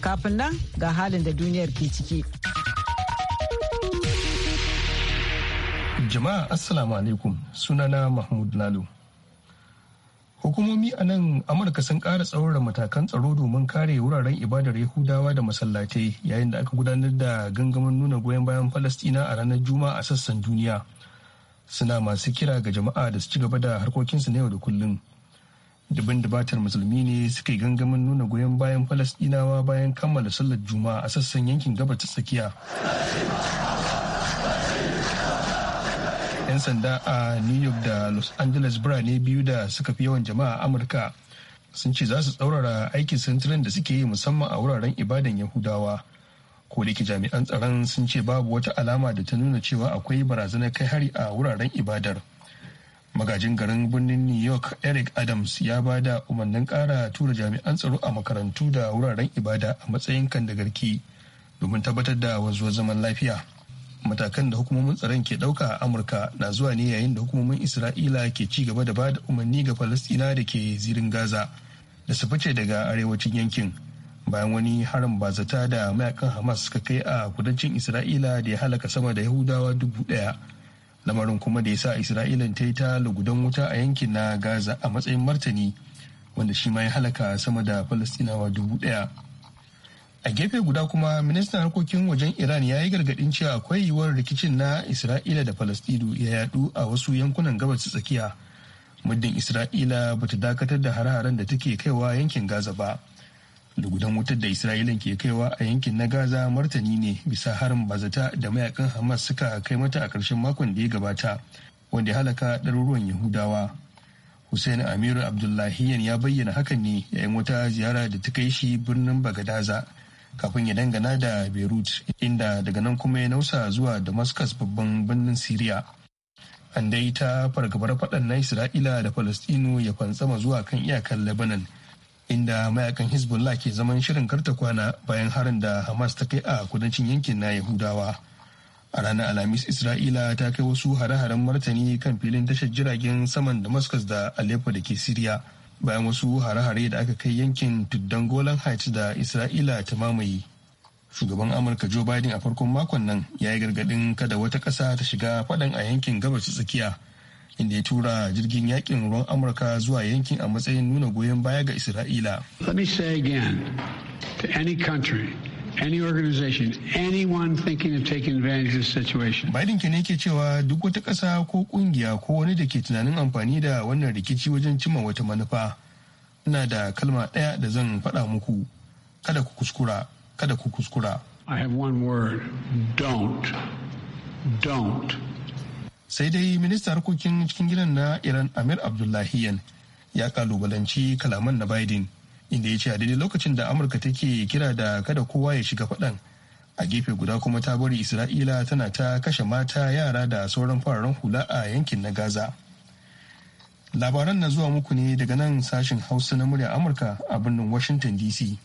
Kafin nan ga halin da duniyar ke ciki. Jama'a Assalamu alaikum sunana Mahmud Lalo. Hukumomi a nan Amurka sun ƙara tsaurara matakan tsaro domin kare wuraren ibadar Yahudawa da masallatai yayin da aka gudanar da gangamin nuna goyon bayan Falastina a ranar Juma'a a sassan duniya. Suna masu kira ga jama'a da su ci gaba da harkokinsu na yau da kullum. dubin dubatar musulmi ne suka yi gangamin nuna goyon bayan falasdinawa bayan kammala sallar juma'a a sassan yankin gabar ta tsakiya yan sanda a new york da los angeles birane biyu da suka fi yawan jama'a amurka sun ce za su tsaurara aikin sintirin da suke yi musamman a wuraren ibadan yahudawa ko da jami'an tsaron sun ce babu wata alama da ta nuna cewa akwai barazanar kai hari a wuraren ibadar magajin garin birnin new york eric adams ya ba da umarnin kara tura jami'an tsaro a makarantu da wuraren ibada a matsayin kan da garki domin tabbatar da wanzuwar zaman lafiya matakan da hukumomin tsaron ke dauka a amurka na zuwa ne yayin da hukumomin isra'ila ke ci gaba da ba da umarni ga falastina da ke zirin gaza da su fice daga arewacin yankin bayan wani harin bazata da mayakan hamas suka kai a kudancin isra'ila da ya halaka sama da yahudawa dubu daya lamarin kuma da ya sa isra'ila ta yi ta lugudan wuta a yankin na gaza a matsayin martani wanda shi ma ya halaka sama da falastinawa dubu daya a gefe guda kuma ministan harkokin wajen iran ya yi gargadin cewa akwai yiwuwar rikicin na isra'ila da falastinu ya yadu a wasu yankunan gabas tsakiya muddin isra'ila bata dakatar da hare-haren da take kaiwa yankin gaza ba lugudan wutar da isra'ilan ke kaiwa a yankin na gaza martani ne bisa harin bazata da mayakan hamas suka kai mata a ƙarshen makon da ya gabata wanda ya halaka ɗaruruwan yahudawa hussein amiru abdullahiyan ya bayyana hakan ne yayin wata ziyara da ta kai shi birnin bagadaza kafin ya dangana da beirut inda daga nan kuma ya nausa zuwa damascus babban birnin syria an dai ta fargabar faɗan na isra'ila da palestino ya fantsama zuwa kan iyakar lebanon inda mayakan hezbollah ke zaman shirin karta kwana bayan harin da hamas ta kai a kudancin yankin na yahudawa a ranar alhamis isra'ila ta kai wasu hare-haren martani kan filin tashar jiragen saman damascus da aleppo da ke siriya bayan wasu hare-hare da aka kai yankin tuddan golan heights da isra'ila ta mamaye shugaban amurka joe biden a farkon makon nan ya yi gargadin kada wata ƙasa ta shiga faɗan a yankin gabas tsakiya inda ya tura jirgin yakin ruwan amurka zuwa yankin a matsayin nuna goyon baya ga isra'ila let me say again to any country any organization, anyone thinking of taking advantage Biden ke ne ke cewa duk wata ƙasa ko ƙungiya ko wani da ke tunanin amfani da wannan rikici wajen cimma wata manufa. Ina da kalma ɗaya da zan faɗa muku. Kada ku kuskura, kada ku kuskura. I have one word, don't, don't. sai dai minista harkokin cikin gidan na iran amir abdullahiyan ya kalubalanci kalaman na biden inda ya ce a daidai lokacin da amurka take kira da kada kowa ya shiga faɗan a gefe guda kuma ta bari isra'ila tana ta kashe mata yara da sauran fararen hula a yankin na gaza labaran na zuwa muku ne daga nan sashen hausa na murya amurka a birnin washington dc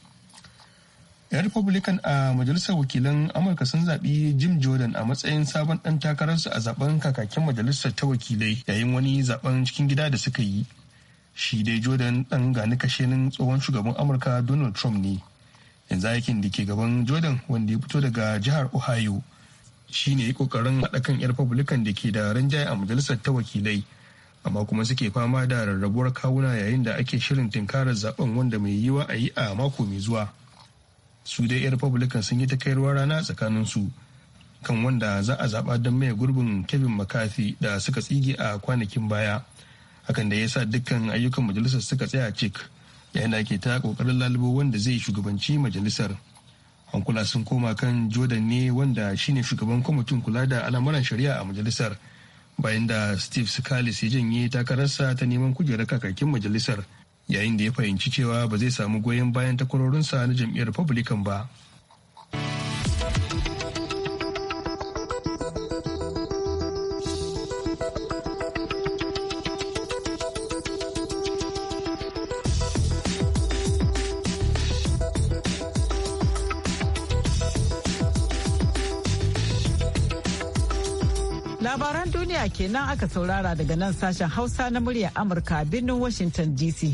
'yan republican a majalisar wakilan amurka sun zaɓi jim jordan a matsayin sabon ɗan takararsu a zaben kakakin majalisar ta wakilai yayin wani zaben cikin gida da suka yi shi dai jordan ɗan gani kashenin tsohon shugaban amurka donald trump ne yanzu aikin da ke gaban jordan wanda ya fito daga jihar ohio shi ne kokarin haɗa kan 'yan republican da ke da rinjaye a majalisar ta wakilai amma kuma suke fama da rarrabuwar kawuna yayin da ake shirin tinkarar zaben wanda mai yiwa a yi a mako mai zuwa su dai 'yan republican sun yi ta kai rana tsakanin su kan wanda za a zaba don maye gurbin kevin mccarthy da suka tsige a kwanakin baya hakan da ya sa dukkan ayyukan majalisar suka tsaya cik yayin da ake ta kokarin lalubo wanda zai shugabanci majalisar hankula sun koma kan jordan ne wanda shine shugaban kwamitin kula da al'amuran shari'a a majalisar bayan da steve scalise ya janye takararsa ta neman kujerar kakakin majalisar yayin da ya fahimci cewa ba zai samu goyon bayan takwarorinsa na jam'iyyar republican ba labaran duniya kenan aka saurara daga nan sashen hausa na murya amurka birnin washington dc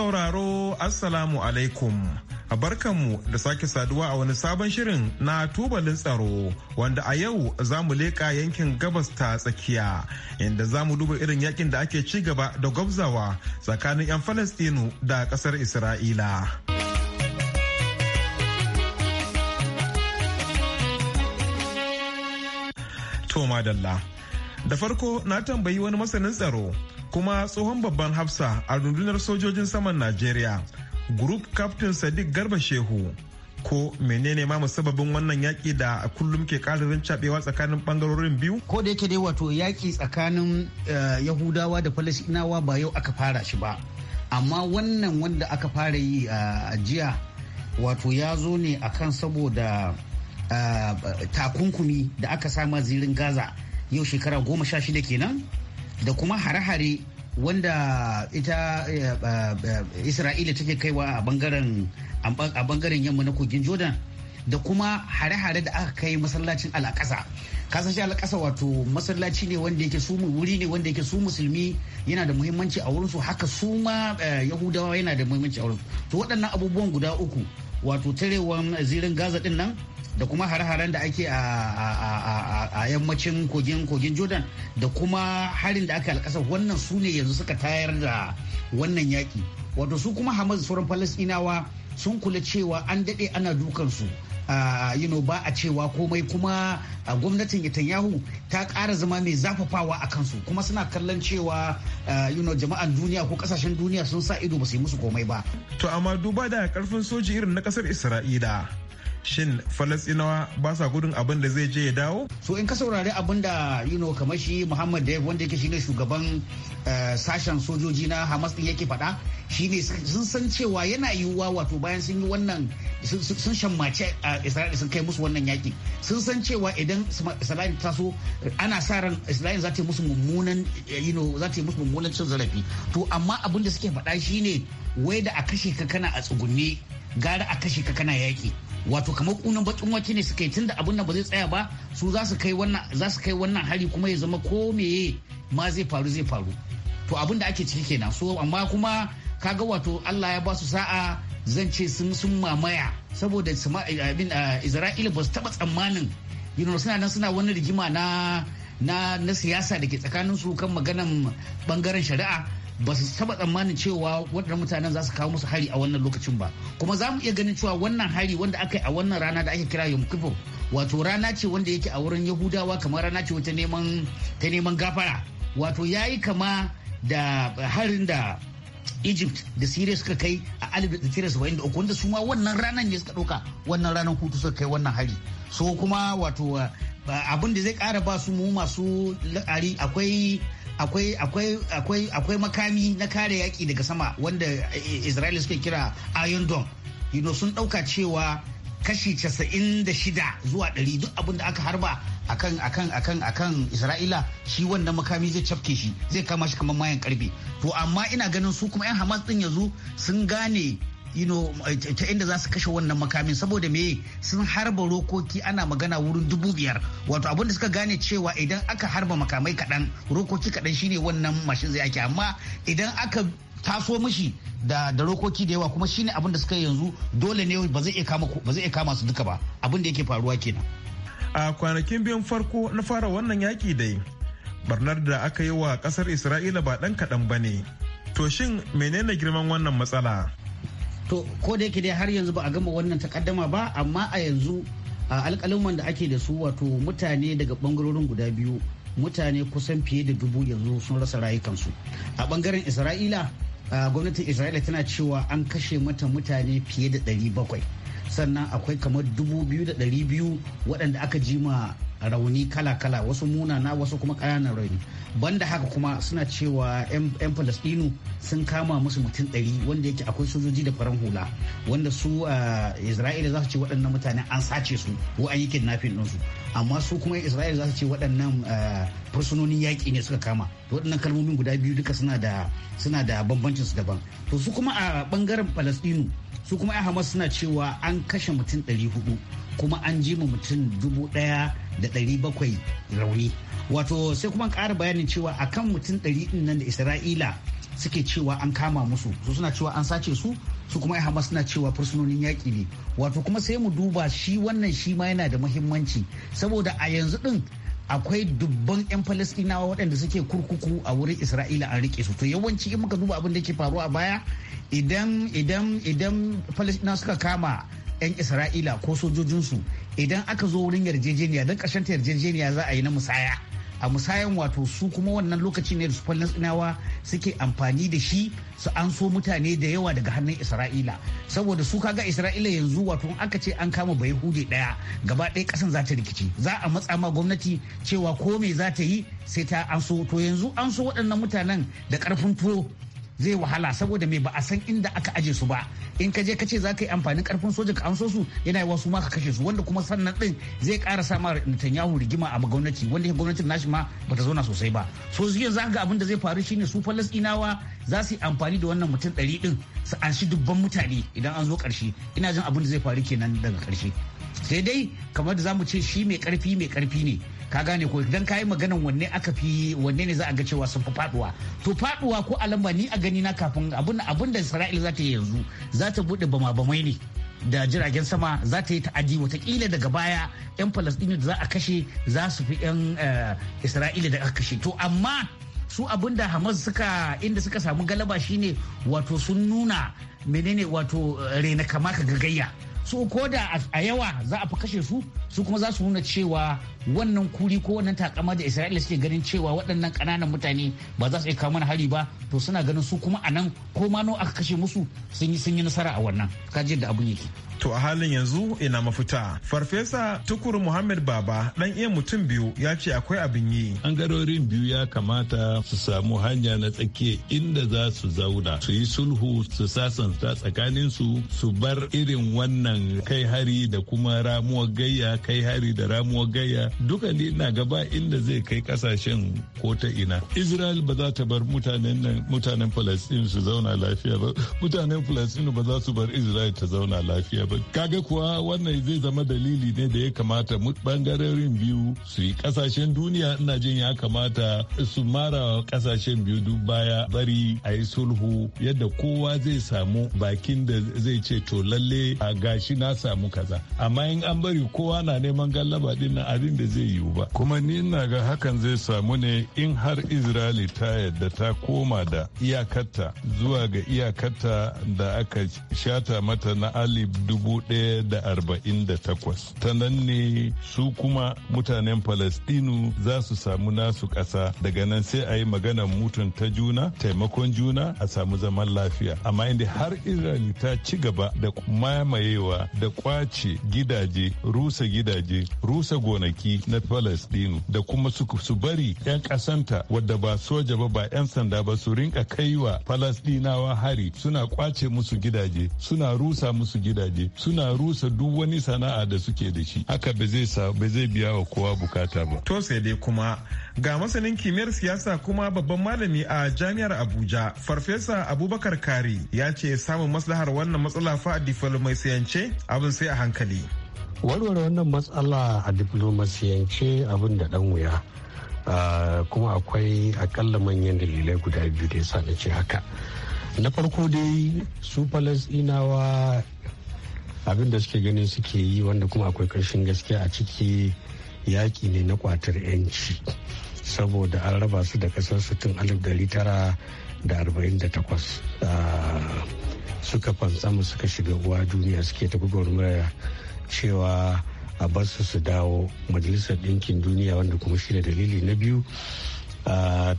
sauraro Assalamu alaikum. a Barkanmu da sake saduwa a wani sabon shirin na tubalin tsaro wanda a yau za mu leƙa yankin gabas ta tsakiya inda za mu duba irin yakin da ake ci gaba da gwabzawa tsakanin 'yan Falastinu da ƙasar Isra'ila. Toma Dalla. Da farko na tambayi wani masanin tsaro kuma tsohon babban hafsa a rundunar sojojin saman najeriya group captain sadiq garba shehu ko menene ma musababin wannan yaki da kullum ke ƙararin cabewa tsakanin bangarorin biyu ko da yake dai wato yaki tsakanin eh, yahudawa da falasinawa ba yau aka fara shi ba amma wannan wanda aka fara yi eh, a jiya wato ya zo ne akan saboda eh, takunkumi da aka sama zirin gaza yau shekara goma sha shida kenan da kuma hare-hare wanda ita eh, eh, eh, isra'ila take kaiwa a bangaren yamma na kogin jordan da kuma hare-hare da aka kai masallacin al'akasa kasashe shi al'akasa wato masallaci ne wanda yake su wuri ne wanda yake su musulmi yana da muhimmanci a wurinsu haka su ma yahudawa yana da muhimmanci a wurinsu to waɗannan abubuwan guda uku wato tarewan zirin gaza din nan da kuma hare-haren da ake a yammacin kogin kogin jordan da kuma harin da aka alkasa wannan su ne yanzu suka tayar da wannan yaki wato su kuma hamas sauran Falasinawa sun kula cewa an daɗe ana dukansu Uh, you know, ba a cewa komai kuma uh, gwamnatin Netanyahu ta ƙara zama mai zafafawa a kansu kuma suna kallon cewa uh, you jama'an duniya ko kasashen duniya sun sa ido ba su yi musu komai ba. To amma duba da karfin soji irin na kasar Isra'ila shin falastinawa ba sa gudun abin da zai je ya dawo so in ka saurari abin da you know kamar shi muhammad da wanda yake shine shugaban eh, sashen sojoji na hamas din yake faɗa shine sun san cewa yana yiwuwa wato bayan sun yi wannan sun shammace a eh, isra'ila sun kai musu wannan yaki sun san cewa idan isra'ila ta so ana sa ran isra'ila za ta yi musu mummunan eh, you know za ta yi musu mummunan cin zarafi to amma abin da suke faɗa shine wai da a kashe ka kana a tsugunne gara a kashe ka kana yaki wato kamar kunan bakin wake ne suka yi tunda abin nan ba zai tsaya ba su za su kai wannan za su kai wannan hari kuma ya zama ko meye ma zai faru zai faru to abin da ake ciki kenan so amma kuma kaga wato Allah ya ba su sa'a zan ce sun sun mamaya saboda eh, eh, Isra'ila ba su taba tsammanin you suna nan suna wani rigima na na na siyasa da ke tsakanin su kan maganan bangaren shari'a ba su taba tsammanin cewa waɗannan mutanen za su kawo musu hari a wannan lokacin ba kuma za mu iya ganin cewa wannan hari wanda aka yi a wannan rana da ake kira yom kippur wato rana ce wanda yake a wurin yahudawa kamar rana ce ta neman ta neman gafara wato ya yi kama da harin da egypt da syria suka kai a 1973 wanda su ma wannan ranar ne suka ɗauka wannan ranar hutu suka kai wannan hari so kuma wato eh, abin da zai kara ba su mu masu la'ari akwai akwai akwai akwai akwai makami na kare yaki daga sama wanda eh, Isra'ila suke kira Iron Dome you know, sun dauka cewa kashi 96 zuwa 100 duk abin da aka harba akan akan akan akan Isra'ila shi wannan makami zai cafke shi zai kama shi kamar mayan karfe to amma ina ganin su kuma yan Hamas din yanzu sun gane ta inda za su kashe wannan makamin saboda me sun harba rokoki ana magana wurin dubu biyar wato abin da suka gane cewa idan aka harba makamai kaɗan rokoki kaɗan shine wannan mashin zai ake amma idan aka taso mishi da da rokoki da yawa kuma shine abin da suka yanzu dole ne ba zai iya kama ba zai iya kama su duka ba abin da yake faruwa kenan a kwanakin biyun farko na fara wannan yaki dai barnar da aka yi wa kasar isra'ila ba dan kaɗan bane to shin menene girman wannan matsala to ko da yake dai har yanzu ba a gama wannan takaddama ba amma a yanzu a alkaluman da ake da su wato mutane daga bangarorin guda biyu mutane kusan fiye da dubu yanzu sun rasa rayukansu a bangaren isra'ila gwamnatin isra'ila tana cewa an kashe mata mutane fiye da 700 sannan akwai kamar dubu biyu da ɗari biyu waɗanda aka ji ma rauni kala-kala wasu munana wasu kuma ƙananan rauni banda haka kuma suna cewa 'yan falastinu sun kama musu mutum ɗari wanda yake akwai sojoji da faran hula wanda su isra'ila za su ce waɗannan mutane an sace su ko an yi kidnapping ɗinsu amma su kuma isra'ila za su ce waɗannan fursunonin yaƙi ne suka kama waɗannan kalmomin guda biyu duka suna da bambancin su daban to su kuma a ɓangaren falastinu su kuma ya hamas suna cewa an kashe mutum 400 kuma an ji mu mutum 1,700 rauni wato sai kuma ƙara bayanin cewa a kan mutum 100 nan da isra'ila suke cewa an kama musu su suna cewa an sace su su kuma ya hamas suna cewa fursunonin yaƙi ne wato kuma sai mu duba shi wannan shi ma yana da muhimmanci saboda a yanzu din akwai dubban 'yan Palestinawa waɗanda suke kurkuku a wurin isra'ila an rike su to yawanci in muka duba abin da ke faruwa a baya idan idan idan Palestinawa suka kama 'yan isra'ila ko sojojinsu idan aka zo wurin yarjejeniya don ƙarshen ta yarjejeniya za a yi na musaya a musayan wato su kuma wannan lokaci ne da su falastinawa suke amfani da shi su an so mutane da yawa daga hannun isra'ila saboda su kaga isra'ila yanzu wato in aka ce an kama bai hude daya gaba ɗaya ƙasan za ta rikici za a matsa ma gwamnati cewa ko me za ta yi sai ta an so to yanzu an so waɗannan mutanen da ƙarfin tuwo zai wahala saboda mai ba a san inda aka aje su ba in ka je ka ce za ka yi amfanin karfin soja ka amso su yana yiwa su ma ka kashe su wanda kuma sannan din zai ƙara sa ma Netanyahu rigima a gwamnati wanda gwamnatin nashi ma ba ta na sosai ba so yanzu za ga abin da zai faru shine su Falasɗinawa za su yi amfani da wannan mutum ɗari din su an shi dubban mutane idan an zo ƙarshe ina jin abin da zai faru kenan daga ƙarshe sai dai kamar da za mu ce shi mai ƙarfi mai ƙarfi ne ka gane ko idan ka yi maganan wanne aka fi wanne ne za a ga cewa sun fi faduwa to faduwa ko alamba ni a gani na kafin abun abun da Isra'il za ta yi yanzu za ta bude bama-bamai ne da jiragen sama za ta yi ta'adi watakila daga baya 'yan falastinu da za a kashe za su fi 'yan eh, isra'ila da aka kashe to amma su abin da hamas suka inda suka samu galaba shine wato sun nuna menene wato eh, rena kama ka gagayya su ko da a yawa za a fi kashe su su kuma za su nuna cewa wannan kuri ko wannan takama da isra'ila suke ganin cewa waɗannan ƙananan mutane ba za su iya kawo mana hari ba to suna ganin su kuma a nan ko ma nawa aka kashe musu sun yi sun yi nasara a wannan kaji da abun yake To a halin yanzu ina mafita. Farfesa Tukur Muhammad Baba dan iya mutum biyu ya ce akwai abin yi. Bangarorin biyu ya kamata su samu hanya na tsakiya inda za su zauna su yi sulhu su sasanta tsakanin su su bar irin wannan kai hari da kuma ramuwar gayya kai hari da ramuwar gayya duka ne na gaba inda zai kai kasashen ko ta ina israel ba za ta bar mutanen nan mutanen su zauna lafiya ba mutanen palestine ba za su bar israel ta zauna lafiya ba kaga kuwa wannan zai zama dalili ne da ya kamata bangarorin biyu su yi kasashen duniya ina jin ya kamata su mara kasashen biyu duk baya bari a yi sulhu yadda kowa zai samu bakin da zai ce to lalle a gashi na samu kaza amma in an bari kowa na neman gallaba din nan abin da zai yiwu ba kuma ni ina ga hakan zai samu ne in har israeli ta yadda ta koma da iyakarta zuwa ga iyakarta da aka shata mata na alif dubu ɗaya da arba'in da takwas ta nan ne su kuma mutanen palestinu za su samu nasu ƙasa daga nan sai a yi maganar ta juna taimakon juna a samu zaman lafiya amma inda har israeli ta ci gaba da mamayewa da kwace gidaje rusa gidaje rusa gonaki na Palestine da kuma su bari 'yan ƙasanta wadda ba soja ba ba 'yan sanda ba su rinka wa Palestinawa hari suna kwace musu gidaje suna rusa musu gidaje suna rusa duk wani sana'a da suke da shi haka ba zai ba zai biya wa kowa bukata ba. To sai dai kuma ga masanin kimiyyar siyasa kuma babban malami a jami'ar Abuja Farfesa Abubakar Kari ya ce samun maslahar wannan matsala fa a sayance abin sai a hankali. warware wannan matsala a diplomasiyance abin da dan wuya ah, kuma akwai akalla manyan dalilai guda biyu da yasa na ce haka na farko dai su falasdinawa abin da suke ganin suke yi wanda kuma akwai ƙarshen gaskiya a ciki yaƙi ne na kwatar 'yanci saboda an raba su da kasar su tun 1948 ah, suka fantsama suka shiga uwa duniya suke ta gwagwarmaya cewa a bar su su dawo majalisar ɗinkin duniya wanda kuma shi ne dalili na biyu ta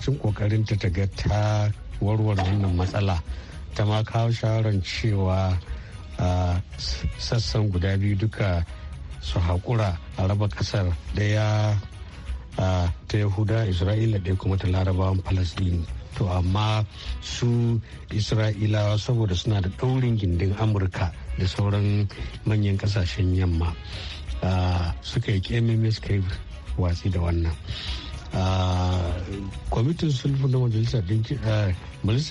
cin kokarin ta ta ga ta warware wannan matsala ta ma kawo shawarar cewa sassan guda biyu duka su haƙura a raba ƙasar ɗaya ta yahuda isra'ila ɗaya kuma ta larabawan palestine to amma su isra'ilawa saboda suna da ɗaurin gindin amurka da sauran manyan kasashen yamma ah, suka yi kememe suka yi watsi da wannan ah, kwamitin sulhu na majalisar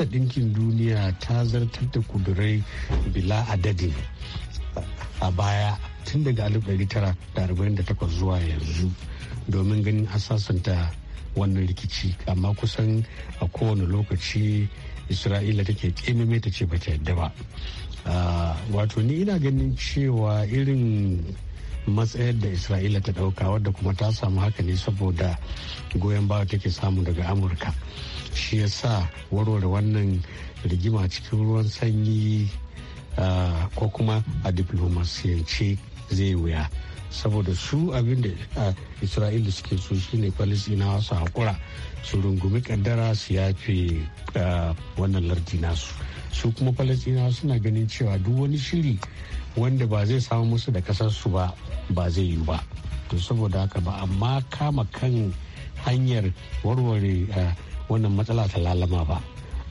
ɗinkin ah, duniya ta zartar da kudurai bila adadi a baya tun daga 1948 zuwa yanzu domin ganin asasanta wannan rikici amma kusan a kowane lokaci isra'ila take kememe ta ce ta yadda ba Ah, wato ni ina ganin cewa irin matsayar da isra'ila ta dauka wadda kuma ta samu haka ne saboda goyon bawa take samu daga amurka shi ya sa warware wannan rigima cikin ruwan sanyi ah, ko kuma a diplomasiyance zai wuya saboda su abin da ah, isra'ila suke so shine palestinawa su haƙura su rungumi kaddara su yafe wannan lardi nasu su kuma falastina suna ganin cewa duk wani shiri wanda ba zai samu musu da kasarsu ba ba zai yi ba to saboda haka ba amma kama kan hanyar warware eh, wannan matsala ta lalama ba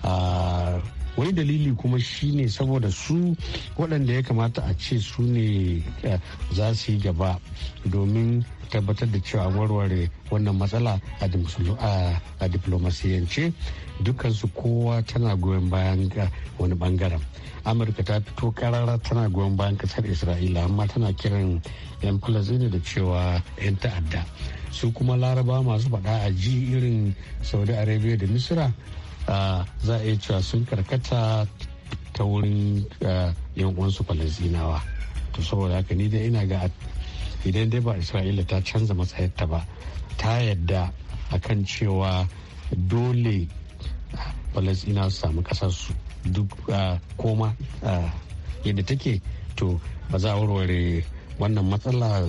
ah, wani dalili kuma shine saboda su waɗanda ya kamata a ce su ne eh, za su yi gaba domin tabbatar da cewa warware wannan matsala a diplomasiyance dukansu kowa tana goyon bayan wani bangaren amurka ta fito karara tana goyon bayan kasar isra'ila amma tana kiran 'yan palazini da cewa 'yan ta'adda su kuma laraba masu faɗa a ji irin saudi arabia da misira za a iya cewa sun karkata ta wurin yan uwansu to saboda haka ni dai ina ga idan dai ba isra'ila ta canza matsayarta ba ta yadda kan cewa dole falazinawa su samu kasarsu duk koma yadda take to ba za a warware wannan matsala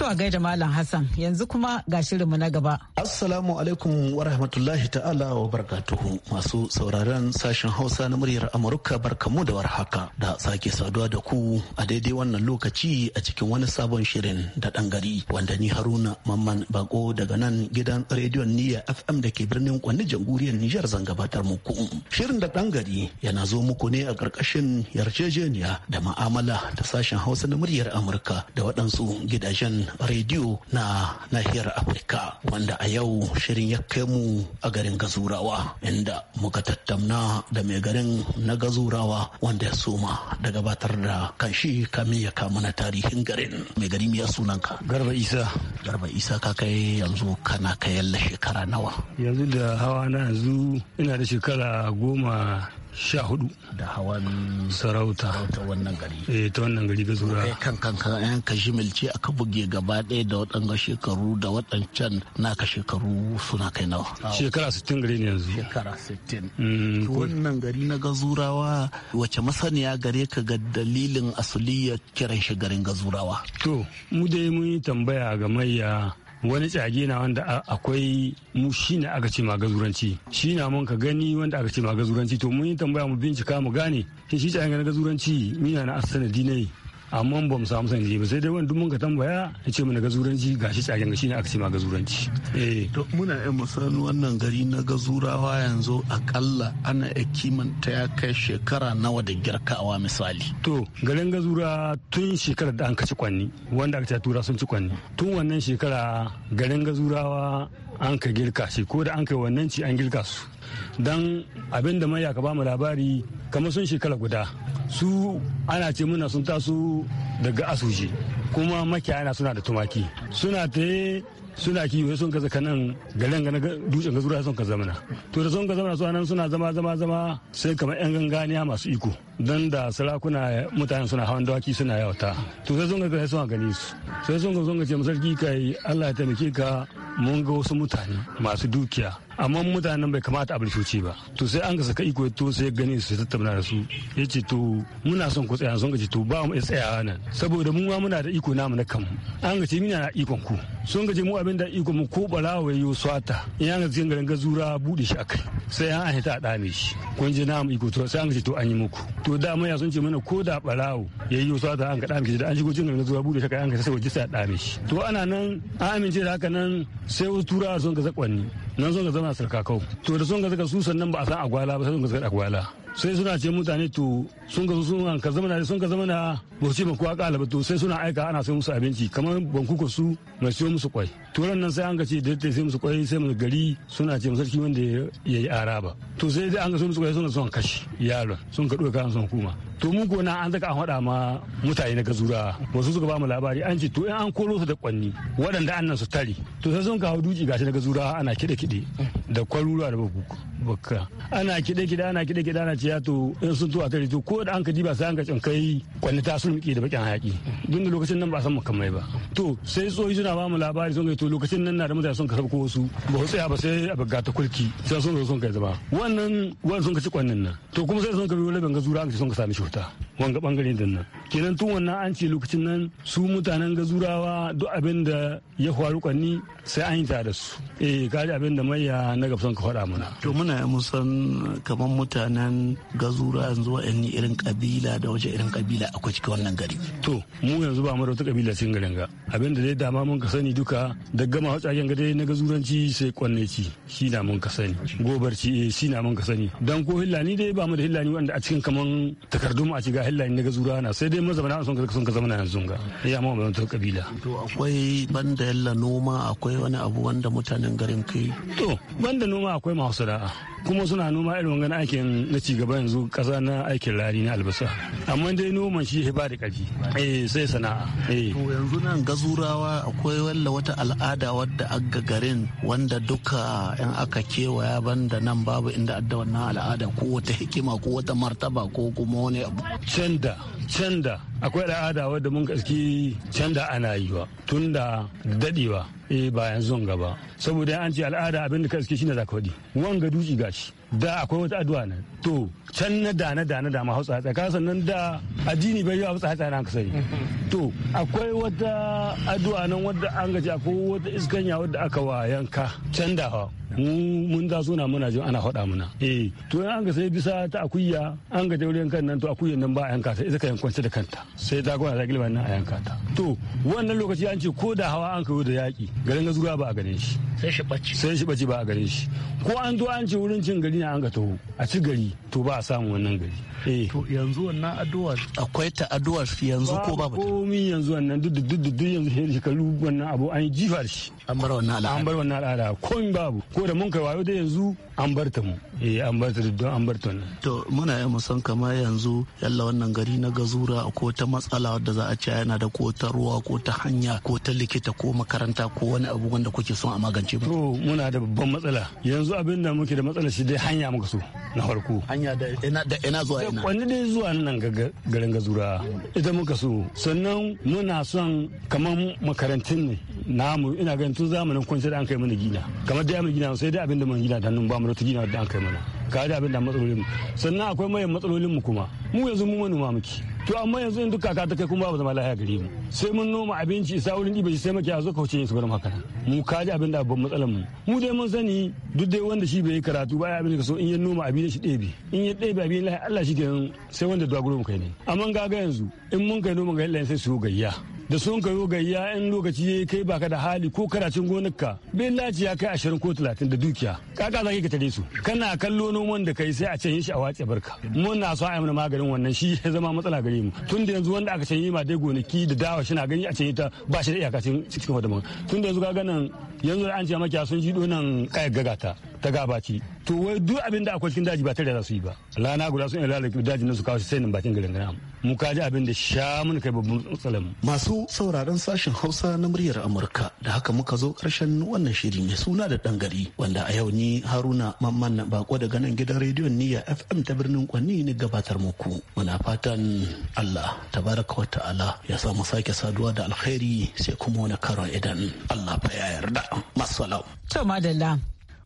To a gaida Malam Hassan yanzu kuma ga shirinmu na gaba. Assalamu alaikum wa rahmatullahi ta'ala wa barakatuhu masu sauraron sashen Hausa na muryar Amurka barkamu da warhaka da sake saduwa da ku a daidai wannan lokaci a cikin wani sabon shirin da dan gari wanda ni Haruna Mamman Bako daga nan gidan rediyon Niyya FM da ke birnin kwani jamhuriyar Nijar zan gabatar muku. Shirin da dan gari yana zo muku ne a ƙarƙashin yarjejeniya da ma'amala da sashen Hausa na muryar Amurka da waɗansu gidajen rediyo na nahiyar afirka wanda a yau shirin ya kai mu a garin gazurawa inda muka tattauna da mai garin na gazurawa wanda ya soma da gabatar da kanshi kamin ya kama na tarihin garin mai gari ya sunanka garba isa garba isa ka kai yanzu kana kayan shekara nawa yanzu da hawa na yanzu ina da shekara goma sha hudu da hawan sarauta ta wannan gari eh ta wannan gari ga zura eh kan kan kan yan kashi milci aka buge gaba ɗaya da waɗanga shekaru da waɗancan naka shekaru suna kai nawa shekara 60 gari ne yanzu shekara 60 mm, wannan gari na gazurawa wace masaniya gare ka ga dalilin asuliyar kiran shi garin gazurawa to mu dai mun yi tambaya ga mayya wani tsage na wanda akwai mu shi ne aka ce magazuranci shi na mun ka gani wanda aka ce magazuranci to mun yi tambaya mu bincika mu gane shi shi tsage na gazuranci mina na asanadi ne amma ba mu samu sanje ba sai dai wani mun ka tambaya ya ce mana gazuranci gashi tsagen gashi ne aka ce ma gazuranci eh. to muna yan musan wannan gari na gazurawa yanzu akalla ana ya kimanta ya kai shekara nawa da girkawa misali to garin gazura tun shekarar da an kaci kwanni wanda aka ce tura sun ci kwanni tun wannan shekara garin gazurawa an ka girka shi ko da an kai wannan ci an girka su don abin da mai ka ba mu labari kamar sun shekara guda su ana ce muna sun taso daga asuji kuma makiyana suna da tumaki suna ta suna ki yi sun kaza kanan galen ga dutsen gazura sun kaza mana to da sun kaza mana su nan suna zama zama zama sai kamar yan ganganiya masu iko don da sarakuna mutane suna hawan dawaki suna yawata to sai sun kai suna gani su sai sun zonga ce masarki kai Allah ya taimake ka mun ga wasu mutane masu dukiya amma mutanen bai kamata a bulshoci ba to sai an gasa saka iko to sai gani su tattauna da su ya ce to muna son ku tsaya sun ce to ba mu tsaya tsayawa nan saboda mu ma muna da iko namu na kanmu an ga ce muna na ikon ku sun ga ce mu abin da iko mu ko balawa yau swata in an ga cikin garin gazura bude shi akai sai an ahita a dame shi kun je namu iko to sai an ga ce to an yi muku to da ya sun ce mana ko da barawo ya yi wasu ta an kaɗa miki da an shigo cikin na zuwa bude ta an ka sai waje sai ɗame shi to ana nan an amince da haka nan sai wasu turawa sun ga zakwanni nan sun ga zama sarkakau to da sun ga zaka su sannan ba a san agwala ba sai sun ga zaka agwala sai suna ce mutane to sun ga sun ka zama na sun ka zama na ba ba kalaba to sai suna aika ana sai musu abinci kamar bankuko su mai siyo musu kwai to ran nan sai an ga ce da sai musu kwai sai mun gari suna ce sarki wanda ya yi araba to sai dai an ga sun musu kwai suna son kashi yaron sun ka duka kan son kuma to mun gona an zaka an haɗa ma mutane na gazura wasu suka ba mu labari an ce to in an koro su da kwanni waɗanda annan su tare to sai sun kawo duci gashi na gazura ana kiɗe kiɗe da kwaruruwa da bakka ana kiɗe kiɗe ana kiɗe kiɗe ana ciya to in sun to a tare to ko da an ka diba sai an ka cinkai kwanni ta sulmuke da bakin hayaki duk da lokacin nan ba san makamai ba to sai tsohi suna ba mu labari sun kai to lokacin nan na da mutane sun ka sabko wasu ba su tsaya ba sai a baga ta kulki sai sun zo sun kai zama wannan wannan sun ka ci kwannin nan to kuma sai sun ka bi wani banga an ka sun ka sami shi kyauta wanga bangare da nan kenan tun wannan an ce lokacin nan su mutanen gazurawa duk abin da ya faru kwanni sai an yi ta da su eh kaji abin da ya na gabson ka faɗa mana to muna musan kamar mutanen gazura yanzu wa'anni irin kabila da waje irin kabila akwai cikin wannan gari to mu yanzu ba mu da wata kabila cikin garin ga abin da dai dama mun ka sani duka da gama hausagen ga dai na gazuranci sai ci shi na mun ka sani gobarci eh shi na mun ka sani dan ko hillani dai ba mu da hillani wanda a cikin kaman takardu duma a shiga hillayen ga zura na sai dai mazauna sun ka sun ka na yanzu ga ya amma ba ta kabila to akwai banda yalla noma akwai wani abu wanda mutanen garin kai to banda noma akwai masu da'a kuma suna noma irin wangan aikin na cigaba yanzu kasa na aikin rani na albasa amma dai noman shi ba da ƙarfi eh sai sana'a eh. to yanzu nan gazurawa akwai wanda wata al'ada wadda aga garin wanda duka yan aka kewaya banda nan babu inda adda wannan al'ada ko wata hikima ko wata martaba ko kuma wani abu canda canda akwai al'ada wadda mun gaski canda ana yi wa tunda dadewa eh ba yanzu gaba saboda an ce al'ada abin da ka iske shine zaka faɗi wanga duci gashi da akwai wata addu'a nan to can na da na da na da ma hausa tsaya kasan nan da addini bai yi a tsaye tsaya na ka sani to akwai wata addu'a nan wadda an gaji akwai wata iskanya wadda aka wa yanka can da hawa mun za suna muna jin ana faɗa muna eh to an ga sai bisa ta akuya an ga jauren kan nan to akuya nan ba a yanka ta ita ka yankwance da kanta sai ta gwana zagilba nan a yanka ta to wannan lokaci an ce ko da hawa an kawo da yaƙi garin gazuwa ba a ganin shi sai shi ɓace sai shi ɓace ba a ganin shi ko an zo an ce wurin cin gari hanya an ga taho a ci gari to ba a samu wannan gari eh. to yanzu wannan addu'a akwai ta addu'ar yanzu ko babu ta komi yanzu wannan duk duk duk yanzu shekaru wannan abu an yi jifa da shi an bar wannan al'ada an bar wannan al'ada komi babu ko da mun kai wayo da yanzu an bar ta mu eh an bar ta don an bar ta wannan to muna yi musan kama yanzu yalla wannan gari na gazura ko ta matsala wadda za a ce yana da ko ta ruwa ko ta hanya ko ta likita ko makaranta ko wani abu wanda kuke son a magance mu to muna da babban matsala yanzu abin da muke da matsala shi dai hanya muka so na farko hanya da ina zuwa ina wani dai zuwa nan garin gazura ita muka so sannan muna son kamar makarantun ne namu ina ganin tun zamanin kwanci da an kai mana gina kamar ya mun gina sai dai abin da mun gina da nan ba mu da gina da an kai mana ka da abin da matsalolin mu sannan akwai mai matsalolin mu kuma mu yanzu mu manoma muke to amma yanzu duka k'a ta kai kuma ba zama lahiya gare mu sai mun noma abinci isa wurin ɗiba sai muke a zo ne su gurin haka mu ka ji abin da babban matsalar mu mu dai mun sani duk dai wanda shi bai yi karatu ba ya abin da so in ya noma abin shi ɗebe in ya ɗebe abin lahiya Allah shi ke sai wanda dogaro mu kai ne amma ga ga yanzu in mun kai noma ga lahiya sai su gayya da sun ka yo gayya in lokaci yayi kai baka da hali ko karacin gonarka laji ya kai ashirin ko talatin da dukiya kaka zaki ka tare su kana kallo noman da kai sai a canye shi a wace barka mun na so a yi maganin wannan shi ya zama matsala gare mu tun da yanzu wanda aka canye ma dai gonaki da dawa shi na gani a canye ta ba shi da iyakacin cikin wadama tun da yanzu ka ganin yanzu an ce makiya sun ji nan kayar gagata ta gabaci to wai duk abin da akwai cikin daji ba tare da su yi ba lana guda sun ilala daji na su kawo sai nan bakin garin gana mu ka ji abin da sha mun kai babban tsalan masu sauraron sashen Hausa na muryar Amurka da haka muka zo karshen wannan shiri mai suna da dan gari wanda a yau ni Haruna Mamman na Bako daga nan gidan rediyon Niyya FM ta birnin Kwanni ne gabatar muku muna fatan Allah tabaraka wa ta'ala ya mu sake saduwa da alkhairi sai kuma wani karon idan Allah fa ya yarda masalam to madalla